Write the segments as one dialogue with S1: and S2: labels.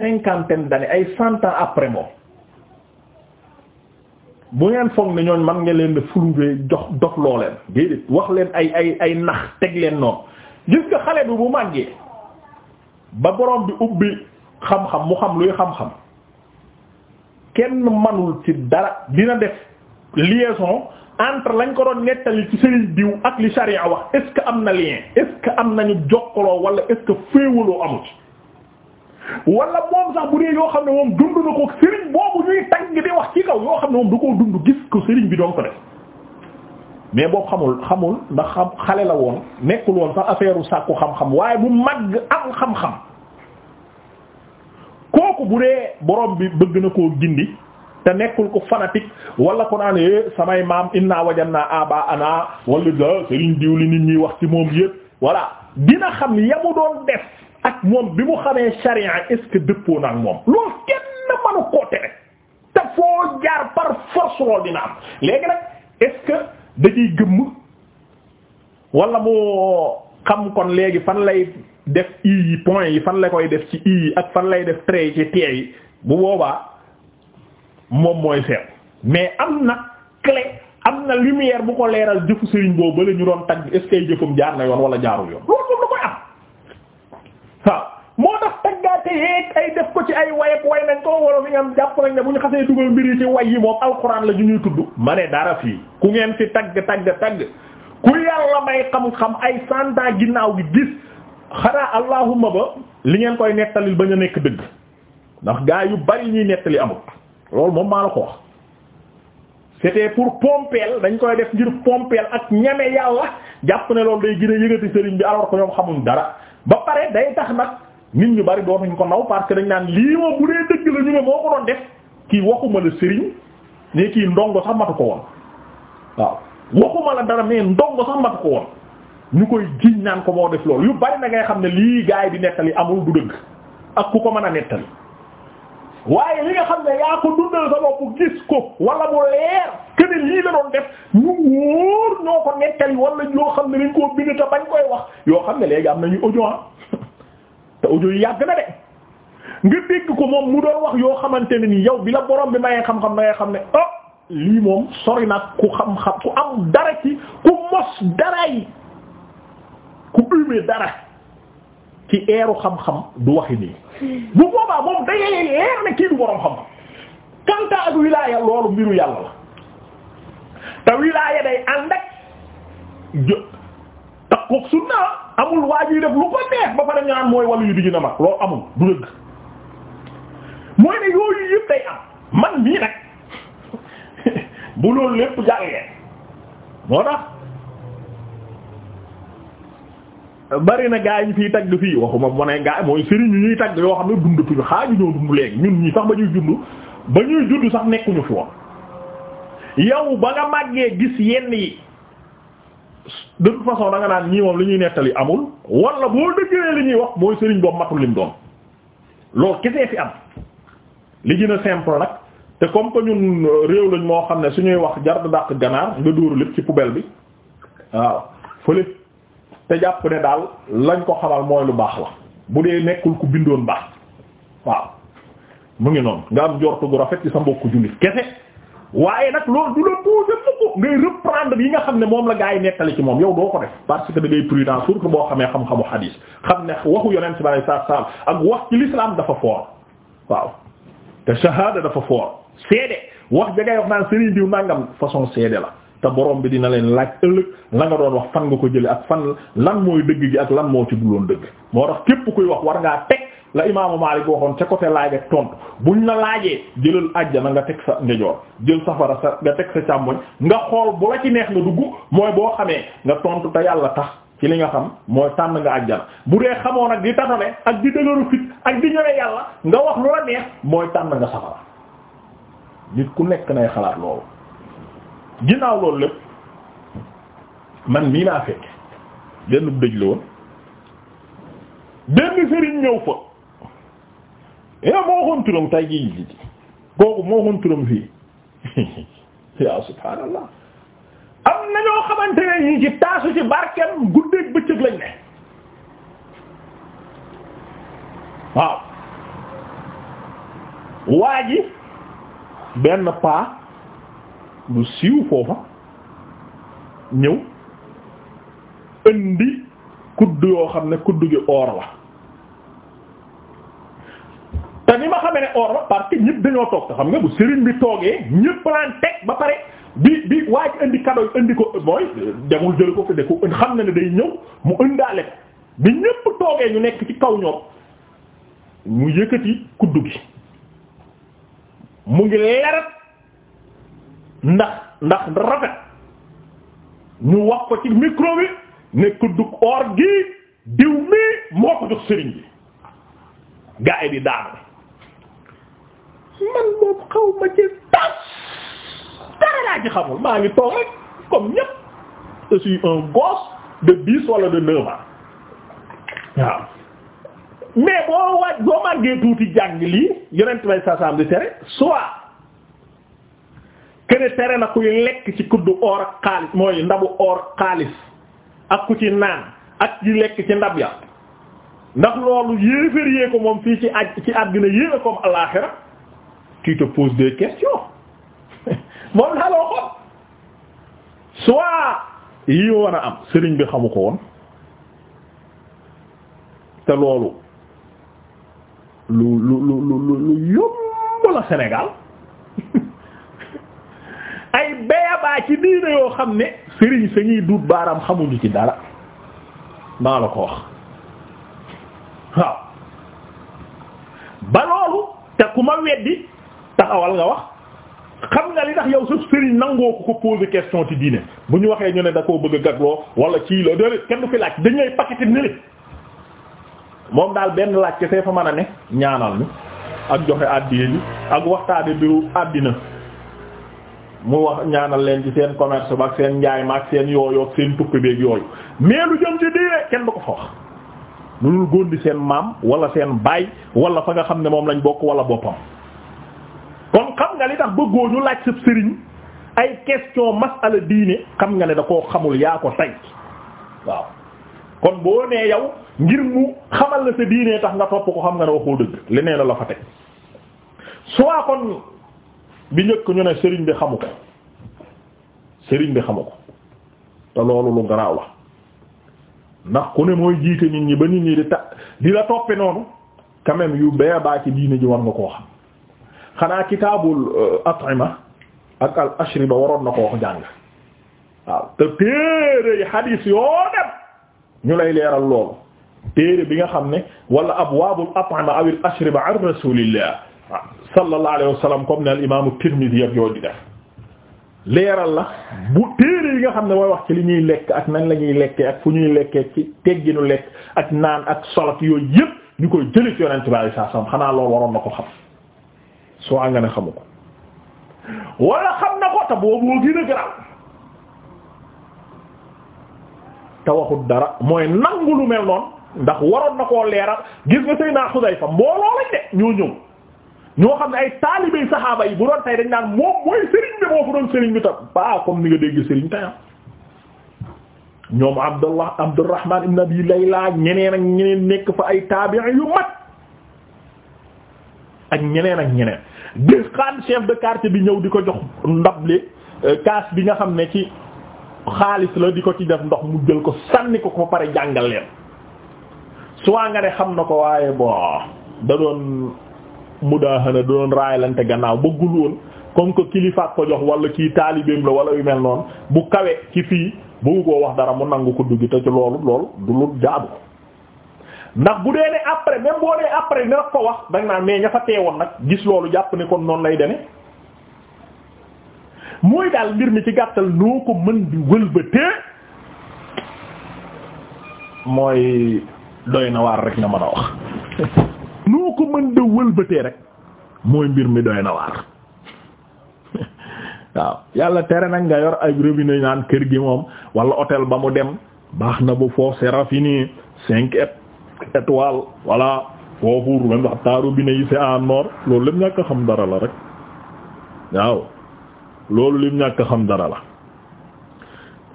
S1: cinquantaine d'années ay cent après moom bu ngeen foog ne ñooñ man nga leen ne fulufee jox dox loo leen wax leen ay ay ay nax teg leen noonu gis nga xale bi bu màggee ba boroom bi ubbi xam-xam mu xam luy xam-xam kenn manul ci dara dina def liaison entre lañ ko doon nettali ci sëriñ diw ak li sharia wax est am na lien est am nañu jokkaloo wala est féewaloo amu ci wala moom sax bu dee yoo xam ne moom dund na ko sëriñ boobu ñuy tagg di wax ci kaw yoo xam ne moom du ko dund gis ko sëriñ bi doon ko def mais boobu xamul xamul ndax xam xale la woon nekkul woon sax affaire sàkku xam-xam waaye bu màgg am xam-xam kooku bu dee borom bi bëgg na koo gindi te nekkul ko fanatique wala ko naan eh samay maam inna wajanna aba ana wala da sëriñ diw nit ñi wax ci moom yëpp voilà dina xam yamu doon def ak moom bi mu xamee sharia est-ce que dëppoo na ak moom loolu kenn manu koo tere te foo jaar par force loolu dina am léegi nag est-ce que dañuy gëmm wala mu xam kon léegi fan lay def i yi point yi fan la koy def ci i yi ak fan lay def trait yi ci tee yi bu boobaa moom mooy seet mais am na clé am na lumière bu ko leeral jëfu sëriñ boobu ba la ñu doon tagg est-ce que jaar na yoon wala jaarul yoon loolu moom la koy am. yeeg eh, ay def ko ci ay way ak way nañ ko wala fi nga jàpp nañ ne bu ñu xasee dugal mbir yi ci way yi moom alxuraan la ju ñuy tudd ma ne dara fii ku ngeen fi tagg tagg tagg ku yàlla may xam-xam ay santa ginnaaw gi gis xanaa allahuma ba li ngeen koy nettalil ba ñu nekk dëgg ndax gaa yu bari ñuy nettali amul loolu moom maa la ko wax c'était pour pompeel dañ koy def ngir pompeel ak ñeme yàlla jàpp ne loolu day gën a yëgati sëriñ bi alors que ñoom xamuñ dara ba pare day tax nag nit ñu bari dootuñ ko naw parce que dañ naan lii moom bu dee dëgg la ñu ne moo ko doon def kii waxuma la sëriñ ne kii ndongo sax matu ko woon waaw waxuma la dara mais ndongo sax matu ko woon ñu koy jiñ naan ko moo def loolu yu bari na ngay xam ne lii gaa yi di nettali amul du dëgg ak ku ko mën a nettali waaye li nga xam ne yaa ko dundal sa bopp gis ko wala mu leer que lii la doon def ñu wóor ñoo ko nettali wala ñoo xam ne dañ koo bind te bañ koy wax yoo xam ne léegi am nañu audio ah. te audio yàgg na de nga dégg ko moom mu doon wax yoo xamante ne ni yow bi la borom bi mayee xam-xam da xam ne oh lii moom sori nag ku xam-xam ku am dara ci ku mos dara yi ku umee dara ci eeru xam-xam du waxi nii bu boobaa moom dayee leer ne kii du borom xam-xam wilaaya loolu mbiru yàlla la te wilaaya day ànd ak jo takkook sunna amul waa jiy def lu ko neex ba pare ñaan mooy wàllu yu di na mag loolu amul du dëgg mooy ne yooyu yëpp day am man mii nag bu loolu lépp jàllee moo tax bari na gaa yi ñu fiy tagg fii waxuma mu ne gaa mooy sëriñ ñu ñuy tagg yoo xam ne dundatuñu xaaju ñoo dund léegi ñun ñi sax ba ñuy dund ba ñuy dund sax nekkuñu fi woon yow ba nga màggee gis yenn yi de toute façon da nga naan ñii moom li ñuy nettali amul walla boo dëggee li ñuy wax mooy sëriñ boobu matul lim doon loolu kesee fi am li gën a simple nag te comme que ñun réew lañ moo xam ne su ñuy wax jar dàq ganaar nga dóoru lépp ci poubelle bi waaw fële te jàpp ne daal lañ ko xamal mooy lu baax la bu dee nekkul ku bindoon baax waaw mu ngi noonu nga am jortu gu rafet ci sa mbokku jullit kese waaye nag loolu du la poser mukk ngay reprendre yi nga xam ne moom la gaa yi nettali ci moom yow doo ko def parce que da ngay prudent surtout boo xamee xam-xamu hadis xam ne waxu yonent bi sallallahu alayhi wasallam ak wax ci l'islam dafa fort waaw te shahada dafa fort seede wax da ngay wax naan sëriñ diw nangam façon seede la te borom bi dina leen laaj ëllëg la nga doon wax fan nga ko jële ak fan lan mooy dëgg gi ak lan moo ci duloon dëgg moo tax képp kuy wax war la imaamu Maalik waxoon ca côté laaj ak tontu buñ la laajee jëlal àjjana nga teg sa ndejoor jël safara sa nga teg sa càmmoñ nga xool bu la ci neex nga dugg mooy boo xamee nga tontu te yàlla tax ci li nga xam mooy tànn nga àjjana bu dee xamoo nag di tatale ak di dëgëru fit ak di ñëwee yàlla nga wax lu la neex mooy tànn nga safara nit ku nekk nay xalaat loolu ginnaaw loolu lépp man mii naa fekk benn dëj la benn sëriñ ñëw fa. e moo xon turam tay ji ji kooku moo xon turam fii ya subhaanallah am na ñoo xamante ne ñi ci taasu ci barkeem guddeeg bëccëg lañ ne waaw waa ji benn paa lu siiw foofa ñëw indi kudd yoo xam ne kudd gi or la ni ma xamee ne or la parce que ñëpp dañoo toog te xam nga bu sëriñ bi toogee ñëpp laan teg ba pare bi bi waa ji indi cadeau indi ko mooy demul jël ko fi de ko xam na ne day ñëw mu ëndaale ko bi ñëpp toogee ñu nekk ci kaw ñoom mu yëkkati kuddu gi mu ngi lerat ndax ndax rafet ñu wax ko ci micro bi ne kuddu or gi diw mi moo ko jox sëriñ bi gaa yi di daanu man moom xaw ma ci tas dara laa ci xamul maa ngi toog rek comme ñépp je suis un gosse de dix wala de neuf waaw mais boo waaj tuuti jàng lii yonent bay saasaam di tere soit kene tere na kuy lekk ci kuddu or ak xaalis mooy ndabu or xaalis ak ku ci naan ak ci lekk ci ndab ya ndax loolu yéeféer yee ko moom fii ci aj ci àddina yéeme comme alaaxira tu te poses des moom laa loo soit yi war a am sëriñ bi xamu ko woon te loolu lu lu lu lu lu yomb la Sénégal ay béyabaa ci diine yoo xam ne sëriñ sañuy duut baaram xamuñu ci dara maa la ko wax waaw ba loolu te ku ma weddi awal nga wax xam nga li tax yow suuf sëriñ nangoo ko ko poser question ci diine bu ñu waxee ñu ne da koo bëgg a gagloo wala ci la déedéet kenn du fi laaj dañ lay paqueté nële moom daal benn laaj kese fa mën a ne ñaanal mi ak joxe àddina bi ak àddina mu wax ñaanal leen ci seen commerce ba ak seen njaay ma ak seen yooyu ak seen tukki beeg yooyu mais lu jëm ci diine kenn du ko fa wax lu dul góor di seen maam wala seen baay wala fa nga xam ne moom lañ bokk wala boppam. xam nga li tax bëggoo ñu laaj sa sëriñ ay question masala diine xam nga ne da koo xamul yaa ko tay waaw kon boo nee yow ngir mu xamal la sa diine tax nga topp ko xam nga ne waxoo dëgg leneen la la fa teg soit kon bi njëkk ñu ne sëriñ bi xamu ko sëriñ bi xamu ko te loolu lu garaaw la ndax ku ne mooy jiite nit ñi ba nit ñi di ta di la toppe noonu quand yu bee baa ci diine ji nga koo xam xanaa kitaabul euh, at'ima ak al ashriba waroon na koo jàng waaw te téere yi xadiis yoo lay leeral loolu téere bi nga xam ne wala abwaabul at'ima awil ashriba an rasulillah sallallahu alayhi wa sallam comme ne al imaamu Tirmidhi ak yooyu di leeral la bu téere nga xam ne mooy wax ci li ñuy lekk ak la ñuy lekkee ak fu ñuy lekke ci tegginu lekk ak naan ak solat yooyu yëpp ñu koy jëli ci yonent bi sallallahu alayhi wa sallam xanaa waroon na ko xam soo nga ne xamu ko wala xam na ko te boobu gën a garaaw te waxut dara mooy nangu lu mel noon ndax waroon na koo leeral gis nga Seydina Xudayfa mbooloo lañ de ñoo ñëw ñoo xam ne ay taalibey saxaaba yi bu doon tey dañ naan moom mooy sëriñ bi moo fa doon sëriñ bi tam ba ah comme ni nga dégg sëriñ tayam ah. ñoom Abdullah Abdurrahman ibn Layla ñeneen ak ñeneen nekk fa ay taabi'i yu mag ak ñeneen ak ñeneen di xaan chef de quartier bi ñëw di ko jox li euh, kaas bi nga xam ne ci xaalis la di ko ci def ndox mu jël ko sànni ko ko pare jàngal leen soit nga ne xam na ko waaye bon da doon mudaaxana da doon raayalante gannaaw bëggul woon comme que kilifaat ko jox wala kii taalibeem la wala yu mel noonu bu kawe ci fii bëggu koo wax dara mu nangu ko dugg te ci loolu loolu du lu jaadu. ndax bu dee ne après même boo dee après ne ko wax da nga naan mais ña fa teewoon nag gis loolu jàpp ne kon noonu lay deme mooy daal mbir mi ci gàttal noo ko mën di wëlbatee mooy doy na waar rek nga mën a wax noo ko mën di wëlbatee rek mooy mbir mi doy na waar waaw yàlla tere nag nga yor ay robinet naan kër gi moom wala otel ba mu dem baax na bu foofu c'est raffiné cinq et étoile voilà foofu même wax en nord loolu lim ñàkk xam dara la rek waaw loolu lim ñàkk xam dara la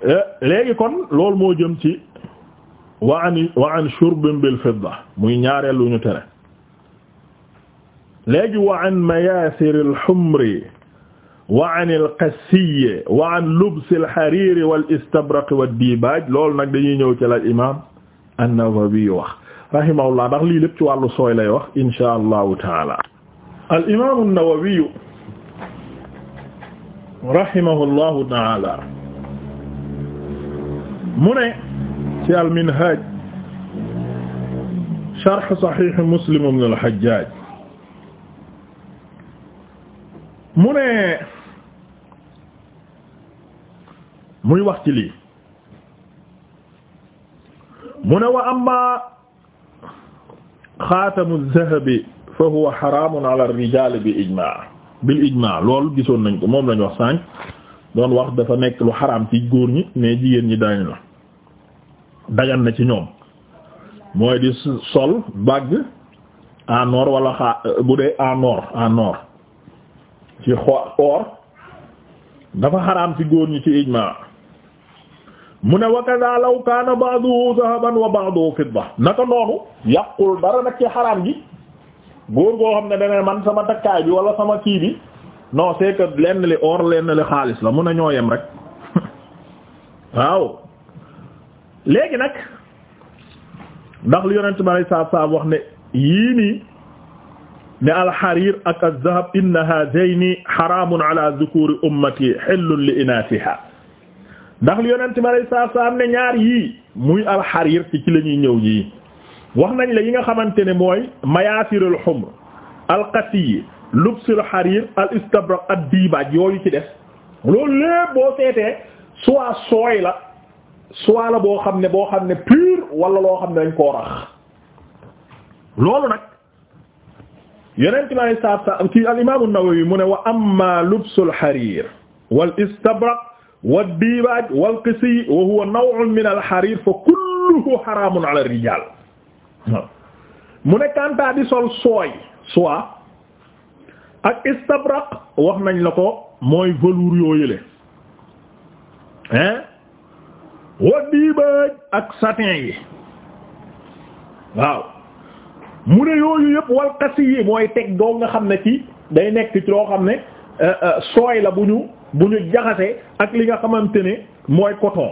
S1: eh, léegi kon loolu moo jëm ci wa an wa an shurbin bil fidda muy ñaareel lu ñu tere léegi wa an mayaasir al humri wa an al qassiy wa an lubs al harir wal istabraq wad dibaaj loolu nag dañuy ñëw ci la imaam an-Nawawi wax rahimahullah ndax lii lépp ci wàllu sooy lay wax insha allahu taala al imaamu an-Nawawi rahimahullahu taala mu ne ci al minhaj sharh sahih Muslim ibn al-Hajjaj mu ne muy wax ci lii mu ne wa amma xaatamu zahabi fa huwa xaraamun ala rijaal bi ijmaa bil ijmaa lool gisoon nañ ko moom lañ wax sànq doon wax dafa nekk lu xaraam ci góor ñi mais jigéen ñi dañ la dagan na ci ñoom mooy di sol bague en or wala bu dee en or ci xo or dafa xaraam ci góor ñi ci ijmaa mu ne wakada law kaana ba'duhu zahaban wa ba'duhu fidda naka noonu yàqul dara nag ci xaraam gi góor goo xam ne dane man sama takkaay bi wala sama kii bi non c'est que lenn li or lenn li xaalis la mun a ñoo yem rek waaw léegi nag ndax lu yonent bi alay saab saab wax ne yii nii ne alxariir ak alzahab inna haadayni xaraamun ala dhukuri ummati xillun li inaasiha ndax li yonent ma alayhi salaatu salaam ne ñaar yii muy alxariir ci ci la ñuy ñëw yii wax nañ la yi nga xamante ne mooy mayaasirul xumr alqasiy lubsul xariir al istabraq ad diibaaj yooyu ci def loolu lépp boo seetee soit sooy la soit la boo xam ne boo xam ne pur walla loo xam ne dañ koo rax loolu nag yonent mi alayhi salaatu salaam ci al Nawawi mu ne wa amma lubsul xariir wal istabraq waddiibaaj walqisiy wa huwa naw'un min alxarir fa kulluhu xaraamun ala rijaal mu ne kantaa di sol sooy soie ak istabraq wax nañ la ko mooy velours yoo yële hein waddiibaaj ak satin yi waaw mu ne yooyu yëpp walqisiy mooy teg doo nga xam ne ci day nekk ci loo xam ne euh, euh, sooy la bu ñu bu ñu jaxase ak li nga xamante ne mooy coton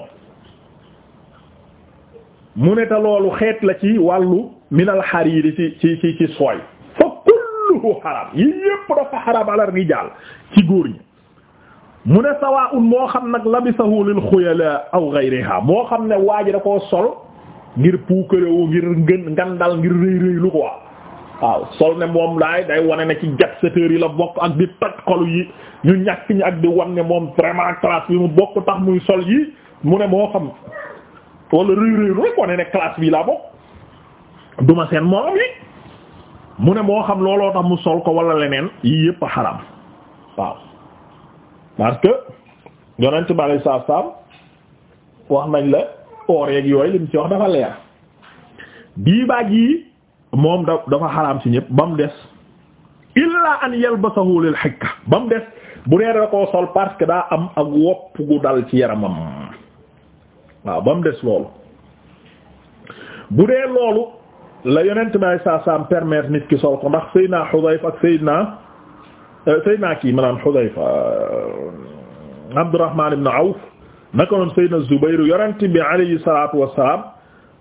S1: mu ne te loolu xeet la ci wàllu minal xariiri ci ci ci ci sooy fa kulluhu xaram yi yépp dafa xaram ala rijaal ci góor ñi mu ne sawaa'un moo xam nag labisahu lil xuyala aw ghayriha moo xam ne waa ji da koo sol ngir puukarewu ngir ngën ngandal ngir rëy rëy lu ko waa waaw sol ne moom laay day wane ne ci gat secteur yi la bokk ak di toj xolu yi ñu ñàkk ñi ak di wan ne moom vraiment classe bi mu bokk tax muy sol yi mu ne moo xam wala réy réy rek wane bi laa bokk duma seen moo xam looloo tax mu sol wala leneen yii yëpp a xaram waaw parce que yonent bi wax nañ la oor yeeg yooyu lim ci wax dafa leer bii baag yi moom da dafa xaraam parce que daa am ak wopp ci yaramam waaw ba mu loolu bu loolu la yonent may saa saam nit ki sol ko ndax Seydina Xudayfa ak Seydina euh, Seydina kii maanaam Xudayfa euh, Abdurrahman Awf naka noonu Seydina Zubayr yonent bi alayhi salaatu wassalaam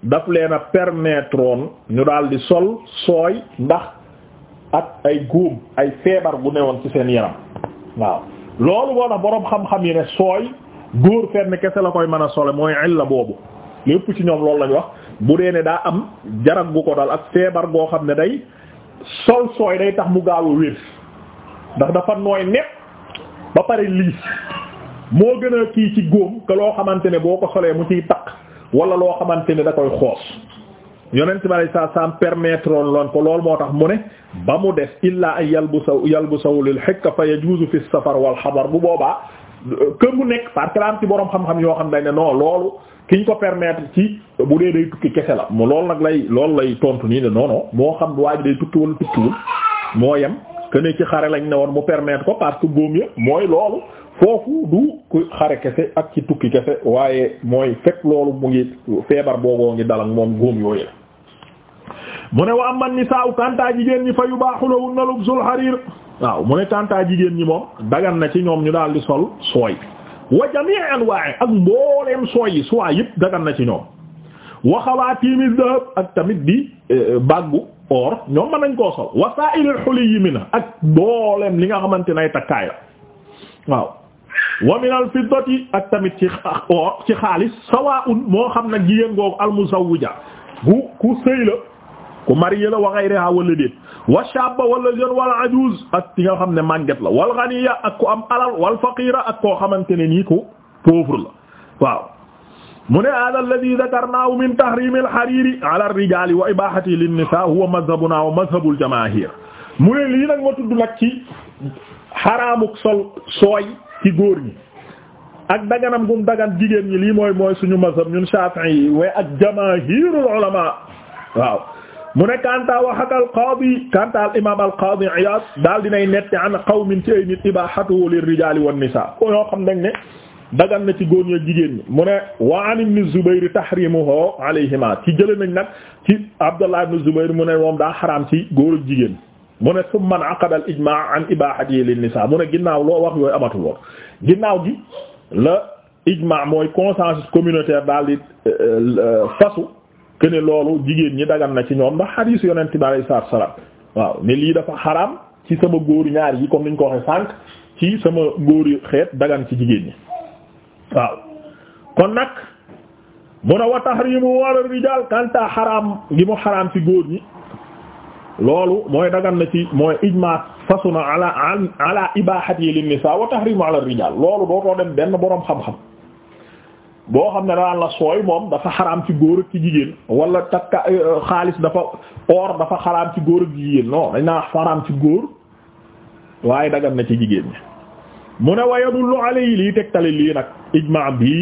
S1: daf leen a permettre ñu daal di sol sooy ndax ak ay góom ay feebar gu newoon ci seen yaram waaw loolu boo tax boroom xam-xam yi ne sooy góor fenn kese la koy mën a sole mooy illa boobu lépp ci ñoom loolu lañu wax bu dee ne daa am jarab gu ko dal ak feebar goo xam ne day sol sooy day tax mu gaaw a wér ndax dafa nooy nepp ba pare liis moo gën a kii ci góom que loo xamante ne boo ko solee mu ciy takk wala loo xamante ne da koy xoos yonent bi alayhi salaam permettre loon ko lool moo tax mu ne ba mu def illaa an yal bu lil hikka fa yajuzu fi safar wal xadar bu boobaa kër bu nekk parce que la am ci boroom xam-xam yoo xam dañ ne non loolu kiñ ko permettre ci bu dee day tukki kese la mu loolu nag lay loolu lay tontu nii ne non non moo xam waa ji day tukki wala tukkiwul moo yem que ne ci xare lañ ne woon mu permettre ko parce que góom ya mooy loolu foofu du ku xare kese ak ci tukki kese waaye mooy fekk loolu mu ngi feebar boogoo ngi dalak moom góom yooyu la mu ne wa man ni saaw kantaa jigéen ñi fa yu baaxulawu nalub sul xariir waaw mu ne kantaa jigéen ñi moom dagan na ci ñoom ñu daal di sol sooy wa jamii anwaa'i ak mbooleem sooy yi sooy yëpp dagan na ci ñoom waxawaa tiimis dahab ak tamit di e, baggu or ñoom mën nañ koo sol wasaa'ilil xuliy yi mi na ak mbooleem li nga xamante nay takkaay wa min al fiddati ak tamit ci or ci xaalis sawaa'un moo xam nag jigéen googu al muzawwija bu ku sëy la ku marié la wa ghayriha wala déet wa shabba wala jeune wala ajuz ak ki nga xam ne màgget la wal ghaniya ak ku am alal wal faqira ak koo xamante ne nii ku pauvre la waaw mu ne hada alladhi dhakarnahu min tahrimi alhariri ala ar-rijali wa ibahati lin-nisa huwa madhhabuna wa madhhabul jamaahir mu ne lii nag ma tudd nag ci xaraamuk sol sooy ci góor ñi ak daganam gum dagan jigéen ñi lii mooy mooy suñu mazhab ñun Shafi'i yi waaye ak jamaahirul ulama waaw mu ne kanta waxak al qaadi kanta al imam al qaadi Iyaad daal dinay netti an qawmin ci ay nit ibahatuhu lir rijaali wan nisaa ko ñoo xam nañ ne dagan na ci góor ñi ak jigéen ñi mu ne wa an ibn Zubayr tahrimuhu alayhima ci jële nañ nag ci Abdullah ibn Zubayr mu ne moom daa xaraam ci góor ak jigéen mu ne summa aqada al ijmaa an ibaahati mu ne ginnaaw loo wax yooyu amatul woon ginnaaw gi la ijmaa mooy consensus communautaire daal di euh, euh, fasu que loolu jigéen ñi dagan na ci ñoom ndax xadiis yonent bi alayhi salaatu salaam waaw ne lii dafa xaraam ci sama góor ñaar yi comme niñ ko waxee sànq ci sama góori xeet dagan ci jigéen ñi waaw kon nag mu ne wa tahrimu ala kanta xaraam gi mu xaraam ci góor ñi loolu mooy dagan na ci mooy ijmaa fasuna na an ala ibahati lin nisa wa tahrimu ala rijal loolu dootoo dem benn boroom xam-xam boo xam ne daan la sooy moom dafa xaraam ci góor ak ci jigéen wala takka euh, xaalis dafa or dafa xaraam ci góor ak jigéen non dañ naa xaraam ci góor waaye dagan na ci jigéen ñi mu ne wa yadullu alayhi lii tegtali lii nag ijma bi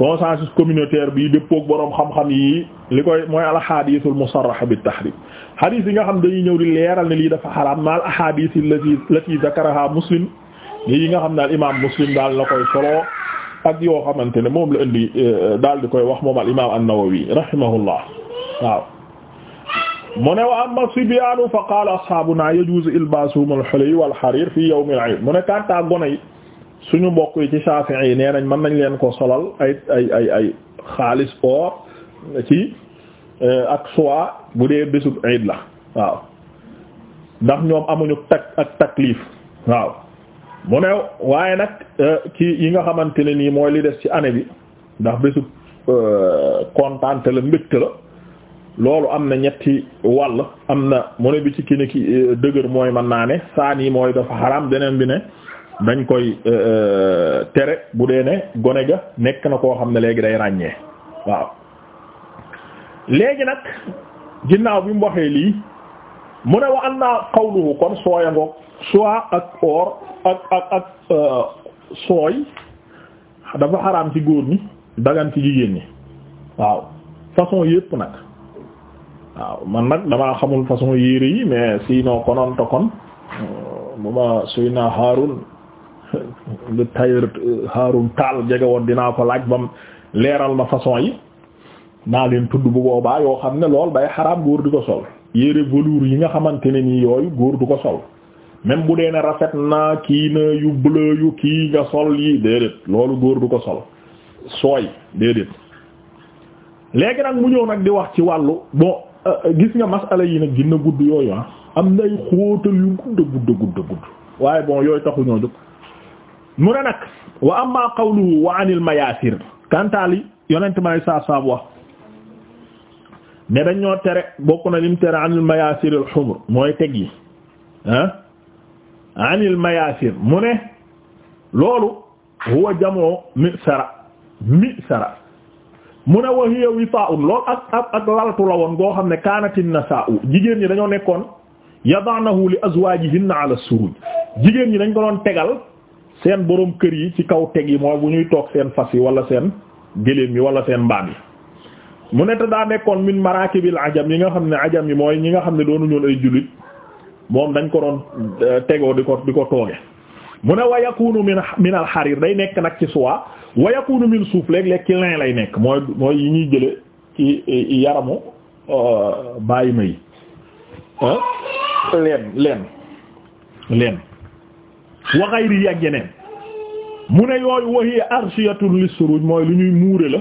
S1: consensus communautaire bi dëppook boroom xam-xam yi li koy mooy alxadiisul musarrax bi tahrim hadith yi nga xam dañuy ñëw di leeral ne lii dafa xaraam maal ahadith allati lati muslim yi nga xam ne al imaam muslim daal la koy solo ak yoo xamante ne moom la indi eh, daal di koy wax moom al imaam an-Nawawi rahimahullah ne wa amma sibyaanu fa qaala ashaabuna yajuuzu ilbaasuhum al-hulay wal-hariir fi yawm al-iid mu ne kanta yi suñu mbokk yi ci Shaafi'i yi nee nañ mën nañ leen ko solal ay ay ay xaalis or Euh, ak soie bu dee bésub iid la waaw ndax ñoom amuñu tak ak taklif waaw mu ne waaye nag ci euh, yi nga xamante ne nii mooy li des ci année bi ndax bésub euh, kontante la mbégte la loolu am na ñetti wàll am na mu ne bi ci ki ne ki dëgër mooy mën naa ne saan yi mooy dafa xaraam beneen bi ne dañ koy tere bu dee ne gone ga nekk na koo xam ne léegi day ràññee waaw léegi nag ginnaaw bi mu waxee lii mu ne wa anna qawluhu kon sooy ngoog ak or ak ak ak euh, sooy dafa xaraam ci góor ñi dagan ci jigéen ñi waaw façon yépp nag waaw man nag damaa xamul façon yére yi mais sinon konoon kon euh, bu ma suy naa Haarun le euh, Taal jege dinaa ko laaj bam leeral ma façon yi naa leen tudd bu boobaa yoo xam ne lool bay xaraam góor di ko sol yére velours yi nga xamante ne nii yooyu góor du ko sol même bu dee ne rafet na kii na yu bleu yu kii nga sol yi déedéet loolu góor du ko sol sooy déedéet léegi nag mu ñëw nag di wax ci wàllu bon euh, euh, gis nga masala yi nag ginna gudd yooyu ah am nay xóotal yu gudd gudd gudd gudd waaye bon yooyu taxu ñoo jóg mu ne nag wa maa qawluhu wa anil mayaasir kantaali yonent may saab saab ne dañ ñoo tere bokk na lim tere anil mayaasir al xumr mooy teg yi ah anil mayaasir mu ne loolu huwa jamoo mi sara mi sara mu ne wa hiya witaa'un loolu ak ak ak laltu la woon goo xam ne kaanatin nasaa'u jigéen ñi dañoo nekkoon yada'nahu li azwaajihinna ala suruj jigéen ñi dañ ko doon tegal seen boroom kër yi ci kaw teg yi mooy bu ñuy toog seen fas yi wala seen gëléem yi wala seen mbaam yi mu ne te daa nekkoon min maraakibil ajam yi nga xam ne ajam yi mooy ñi nga xam ne doonu ñoon ay jullit moom dañ ko doon euh, tegoo di ko di ko tooge mu ne wa yakunu min min day nekk nag ci soie wa yakunu min suuf léeg-léeg ci lin lay nekk mooy mooy yi ñuy jële ci yaramu euh, bàyyi ma yi leen leen leen wa ghayri yi ak yeneen mu ne yooyu wa hiya arshiyatun lisuruj mooy lu ñuy muure la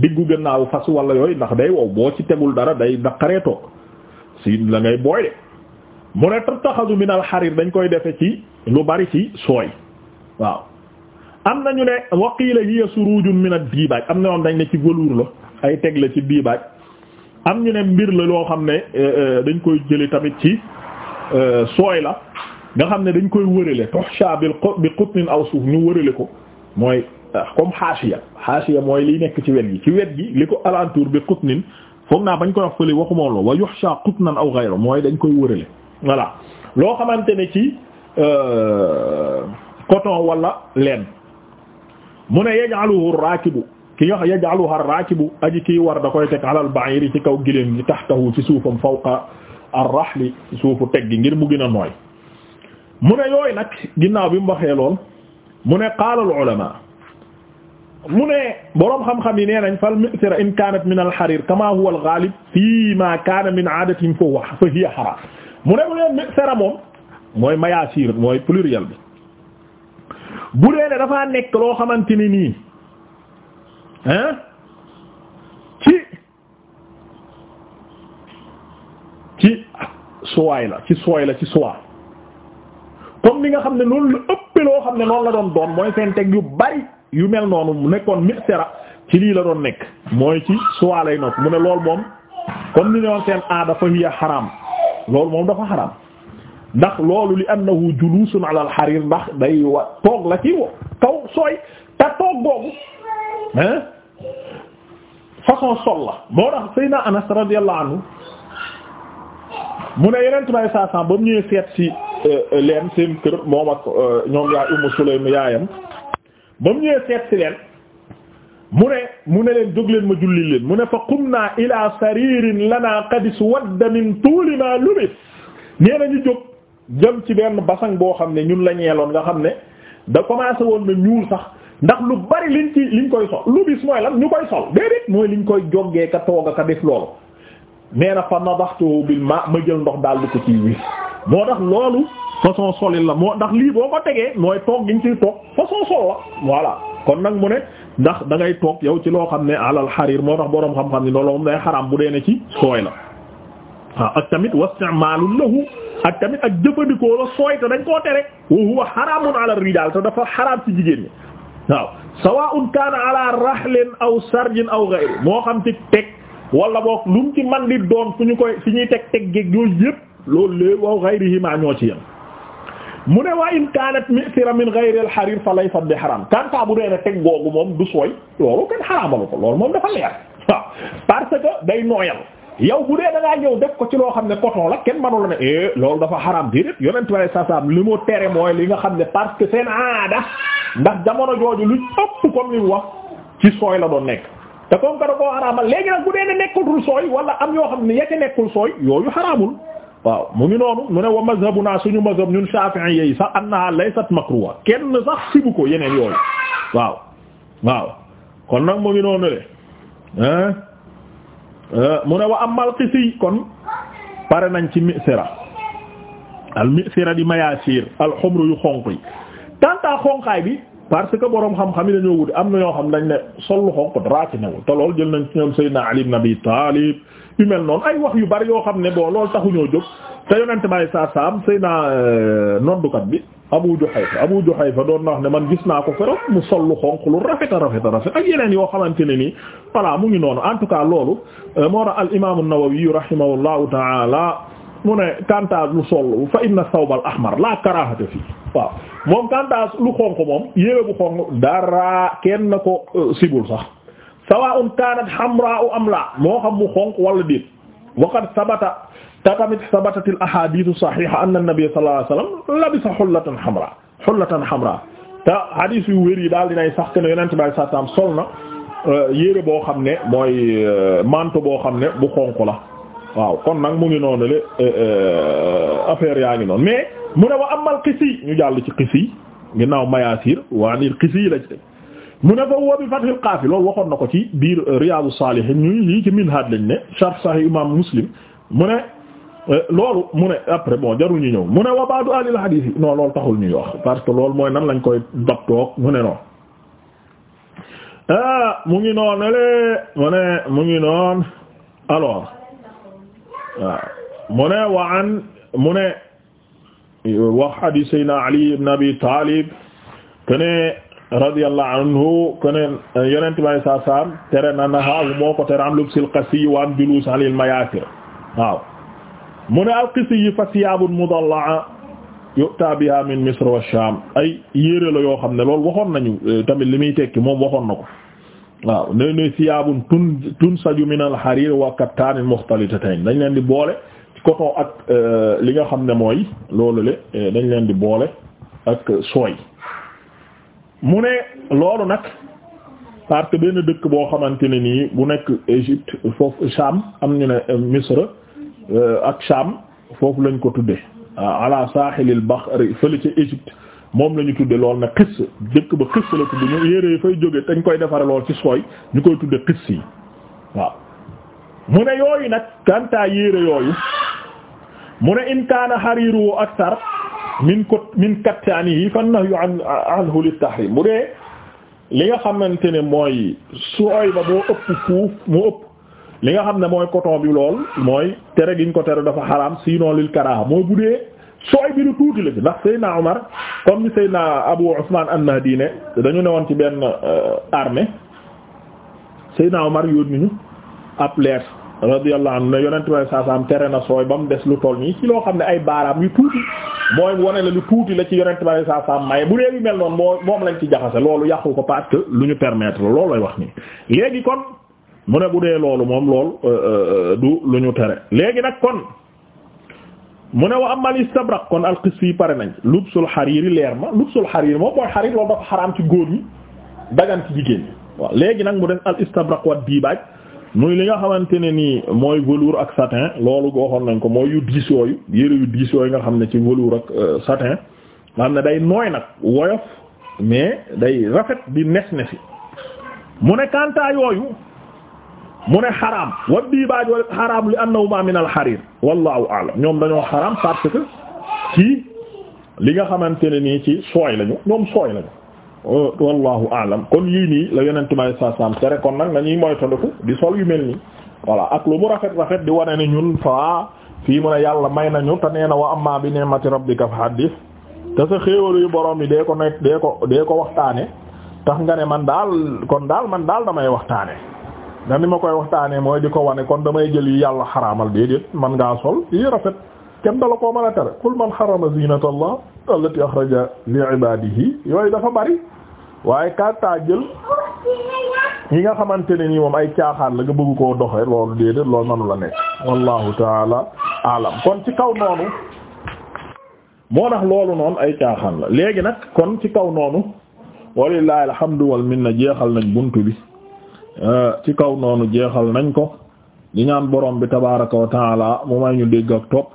S1: diggu gannaaw fas wala yooyu ndax day wow boo ci tegul dara day naqaree toog si la booy de mu ne tattaxasu min al dañ koy defe ci lu bari ci sooy waaw am nañu ne waqiila hiya surujun min ad diibaaj am na yoon dañ ne ci velours la ay teg la ci diibaaj am ñu ne mbir la loo xam ne euh, euh, dañ koy jëli tamit ci euh, sooy la nga xam ne dañ koy wërale tuhsha bil bi qutnin aw suuf ñu wërale ko mooy comme xaasiya xaasiya mooy liy nekk ci wet gi ci wet gi li ko alentour bi qutnin foog naa bañ koy wax fële waxumoo loolu wa yuhsha qutnan aw ghayru mooy dañ koy wërale voilà loo xamante ne ci euh, coton wala len mu ne yaj'aluhu ar-raakibu ki nga yaj'aluhu ar-raakibu aji kii war da koy ci kaw giléem gi tahtahu ci suufam fawqa ar-rahli ci suufu teg ngir mu gën a nooy mu ne yooyu nag ginnaaw bi mu waxee mu ne qaala al-ulamaa mu ne boroom xam-xam yi nee nañ fal misira in kanat min al xarir kama huwa al ghalib fi ma kana min aadatin fa huwa fa hiya haram mu ne mu ne misira moom mooy mayaasir mooy pluriel bi bu dee ne dafaa nekk loo xamante ni nii hein ci ci suwaay la ci suwaay la ci suwaa comme ni xam ne loolu la ëpp loo xam ne noonu la doon doon mooy seen teg yu bari yu mel noonu mu nekkoon mistera ci lii la doon nekk mooy ci suwaa lay noos mu ne loolu moom comme ni ñoon seen aada fa hiya xaraam loolu moom dafa xaraam ndax loolu li annahu julusun ala al xarir ndax day toog la ci kaw sooy te toog boobu hein façon sol la moo tax Seydina Anas radiyallahu anhu mu ne yeneen tubaab saa saa ba mu ñëwee seet si euh, leen seen kër moom ak euh, ñoom yaay Ummu Sulaym yaayam ba mu ñëwee seet leen mu ne mu ne leen jóg leen ma julli leen mu ne fa qumna ila saririn lana qad iswadda min tuuli ma lubis nee na ñu jóg jëm ci benn basang boo xam ne ñun la ñeeloon nga xam ne da commencé woon na ñuul sax ndax lu bari liñ ci liñ koy sol lubis mooy lan ñu koy sol déedéet mooy liñ koy joggee ka toog ka def loolu nee na fa nadaxtu bil ma ma jël ndox daal di ko ciy wis moo tax loolu façon solil la moo ndax lii boo ko tegee mooy toog gi ñu ciy toog façon sol la voilà kon nag mu ne ndax da ngay toog yow ci loo xam ne alal xarir moo tax boroom xam-xam ni loolu moom day xaraam bu dee ne ci sooy la waaw ak tamit wastimaalul lahu ak tamit ak jëfandikoo la sooy te dañ koo tere wa huwa xaraamun ala rijaal te dafa xaraam ci jigéen ñi waaw sawaa'un kaana ala rahlin aw sarjin aw ghayri moo xam ci teg wala boog lu mu ci man di doon koy fi ñuy teg teg géeg yooyu yëpp loolu léeg ci yam mu ne wa in kaanat mi'sira min ghayri al-harir fa laysa bi haram kanta bu dee ne teg googu moom du sooy loolu kenn xaraamalu ko loolu moom dafa leer waaw parce que day nooyal yow bu dee da ngaa ñëw def ko ci loo xam ne coton la kenn mënu la ne eh loolu dafa xaraam déedéet yonent bi saa saa li mu tere mooy li nga xam ne parce que seen aada ndax jamono jooju lu ëpp comme li mu wax ci sooy la doon nekk. te comme que da koo xaraamal léegi nag bu dee ne nekkatul sooy wala am yoo xam ne yaa nekkul sooy yooyu xaraamul. waaw mu ngi noonu mu ne wa mazhabuna suñu mazhab ñun shafi'i yi sa annaha laysat makruha kenn sax sibu ko yeneen yooyu waaw waaw kon nag mu ngi noonu le euh, mu ne wa amal qisi kon pare nañ ci misira al misira di mayaasir al xumru yu xonq tanta xonqaay bi parce que boroom xam-xam yi dañoo wute am na ñoo xam dañ ne sol lu xonq dara ci newul te lool jël nañ ci ñoom Seydina Ali ibn Abi Talib yu mel noonu ay wax yu bari yoo xam ne boo loolu ñoo jóg te yonente may sa sam Seydina euh, noddukat bi Abu Juhayfa Abu Juhayfa doon na wax ne man gis naa ko ferop mu sol lu xonq lu rafeta rafeta rafet yeneen yoo xamante ne nii voilà mu ngi noonu en tout cas loolu euh, moo tax al imam an-Nawawi mu ne kantaas lu sol fa inna sawbal ahmar la karahata fii moom kantaas lu xonq moom yére bu xonq dara kenn na ko euh, sibul sax sawa'un kanat hamra am la moo xam mu xonq wala déet waqad sabata te tamit sabatat al ahadith sahiha anna an-nabiy sallallahu alayhi wasallam labisa hullatan hamra hullatan hamra te hadith yu wér yi daal dinay sax ke ne yonent bi sallallahu alayhi wasallam sol na euh, yére boo xam ne mooy euh, manteau boo xam ne bu xonq la waaw kon nag mu ngi noonu le euh, euh, affaire yaa ngi noonu mais mu ne wa amal qisi ñu jàll ci qisi ginnaaw mayaasir waa ni qisi la mu ne fa woo bi fathil qaaf loolu waxoon na ko ci biir euh, riyaadu saalihiin ñu yi ci minhaaj lañ ne sharh sahih imam muslim mu ne loolu mu ne après bon jarul ñu ñëw mu ne wa baadu ahlil hadiis yi non loolu taxul ñuy wax parce que loolu mooy nan lañ koy doptoog mu ne noonu ah, mu ngi noonu le mu ne mu ngi noonu alors waaw mu ne wa an mu ne wax hadis sayna ali ibn abi talib kene radiyallahu anhu kene yonent may sa saam tere na naha moo ko tere am lubsil qasiyi wa an julus alil mayasir waaw mu ne alqisiyi fa siyaabun mudallaa yu'ta biha min misr wa sham ay yére la yoo xam ne loolu waxoon nañu eh, tamit li muy tekki moom waxoon na ko waaw ne ne siyaabun tun tun saju min al harir wa kattaanin mukhtalitatain dañ leen di boole ci coton ak euh, li nga xam ne mooy loolu le euh, dañ leen di boole ak sooy mu ne loolu nag parce que benn dëkk boo xamante ne nii bu nekk Égypte foofu Sham am ñu ne euh, Misra ak Sham foofu lañ ko tudde ala sahilil bahri fële ca Égypte moom la ñu tudde lool na xis jëkk ba xis la tudd ñu yére yi fay jóge dañ koy defare lool ci sooy ñu koy tudde xis yi waaw mu ne yooyu nag kantaa yére yooyu mu ne in kaana xariiru aktar min kot min kattaanihi fa nahyu an anhu tax yi mu dee li nga xamante ne mooy sooy ba boo ëpp fuuf mu ëpp li nga xam ne mooy coton bi lool mooy tere giñ ko tere dafa xaraam sinon lil karaaha mooy bu sooy bi lu tuuti la ci ndax Seydina Omar comme ni Seydina Abu Usman an-Nahdi ne dañu newoon ci benn euh, armée Seydina Omar yónni ñu ab leer radiyallahu anhu ne yonent bi saa saam tere na sooy ba mu des lu toll nii ci loo xam ne ay baaraam yu tuuti mooy wane la lu tuuti la ci yonent bi saa saam maye bu dee yu mel noonu moom lañ ci jaxase loolu yàqu ko parce lu ñu permettre la loolu lay wax nii léegi kon mu ne bu dee loolu moom loolu euh, euh, du lu ñu tere léegi nag mu ne wa amal istabraq kon alqisfi pare nañ lubsul xariiri leer ma lubsul xariiri moom mooy xariir loolu dafa xaraam ci góor ñi dagan ci jigéen ñi waaw léegi nag mu def al istabraq wat diibaaj muy li nga xamante ne nii mooy velours ak satin loolu waxoon nañ ko mooy yu diis yooyu yére yu diis yooyu nga xam ne ci velours ak euh, satin nga xam ne day nooy nag woyof mais day rafet di nes nesi mu ne kanta yooyu mu ne xaraam wat diibaaj wa xaraam li annahuma min al xariir wallahu a'lam ñoom dañoo xaram parce que ci li nga xamante ne nii ci sooy lañu ñoom sooy lañu euh, wallahu a'lam kon yii nii la yonent may sa sam tere kon nag nañuy moytandiku di sol yu mel nii voilà ak lu mu rafet rafet di wane ne ñun fa fii mu ne yàlla may nañu te nee na wa amma bi ni'mati rabbika fa haddith te sa xéewalu yu borom yi dee ko nekk dee ko dee ko waxtaane tax nga ne man daal kon daal man daal damay waxtaane na ni ma koy waxtaanee mooy di ko wane kon damay jël yi yàlla xaraamal déedéet man ngaa sol yi rafet kenn dala koo mën a tere qul man xarama zinata allah allati axraja li ibadihi yooyu dafa bari waaye kaataa jël yi nga xamante ne nii moom ay caaxaan la nga bëgg koo doxee loolu déedéet loolu manu la nekk wallahu taala alam kon ci kaw noonu moo tax loolu noonu ay caaxaan la léegi nag kon ci kaw noonu walillahi alhamdu wal minna jeexal nañ buntu bi Euh, ci kaw noonu jeexal nañ ko di ñaan borom bi tabaraka wa taala mu may ñu dégg ak topp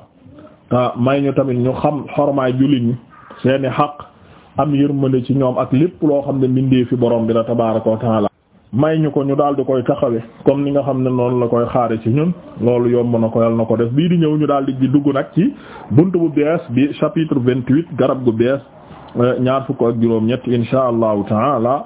S1: te may ñu tamit ñu xam xormaay jullit ñi seeni xaq am yërmande ci ñoom ak lépp loo xam ne mbindee fi borom bi la tabaraka wa may ñu ko ñu daal di koy taxawee comme ni nga xam ne noonu la koy xaare ci ñun loolu yomb na ko yal na ko def bii di ñëw ñu daal di dugg nag ci bunt bu bees bi chapitre vingt-huit garab gu bees euh, ñaar fukk ak juróom ñett insha allahu taala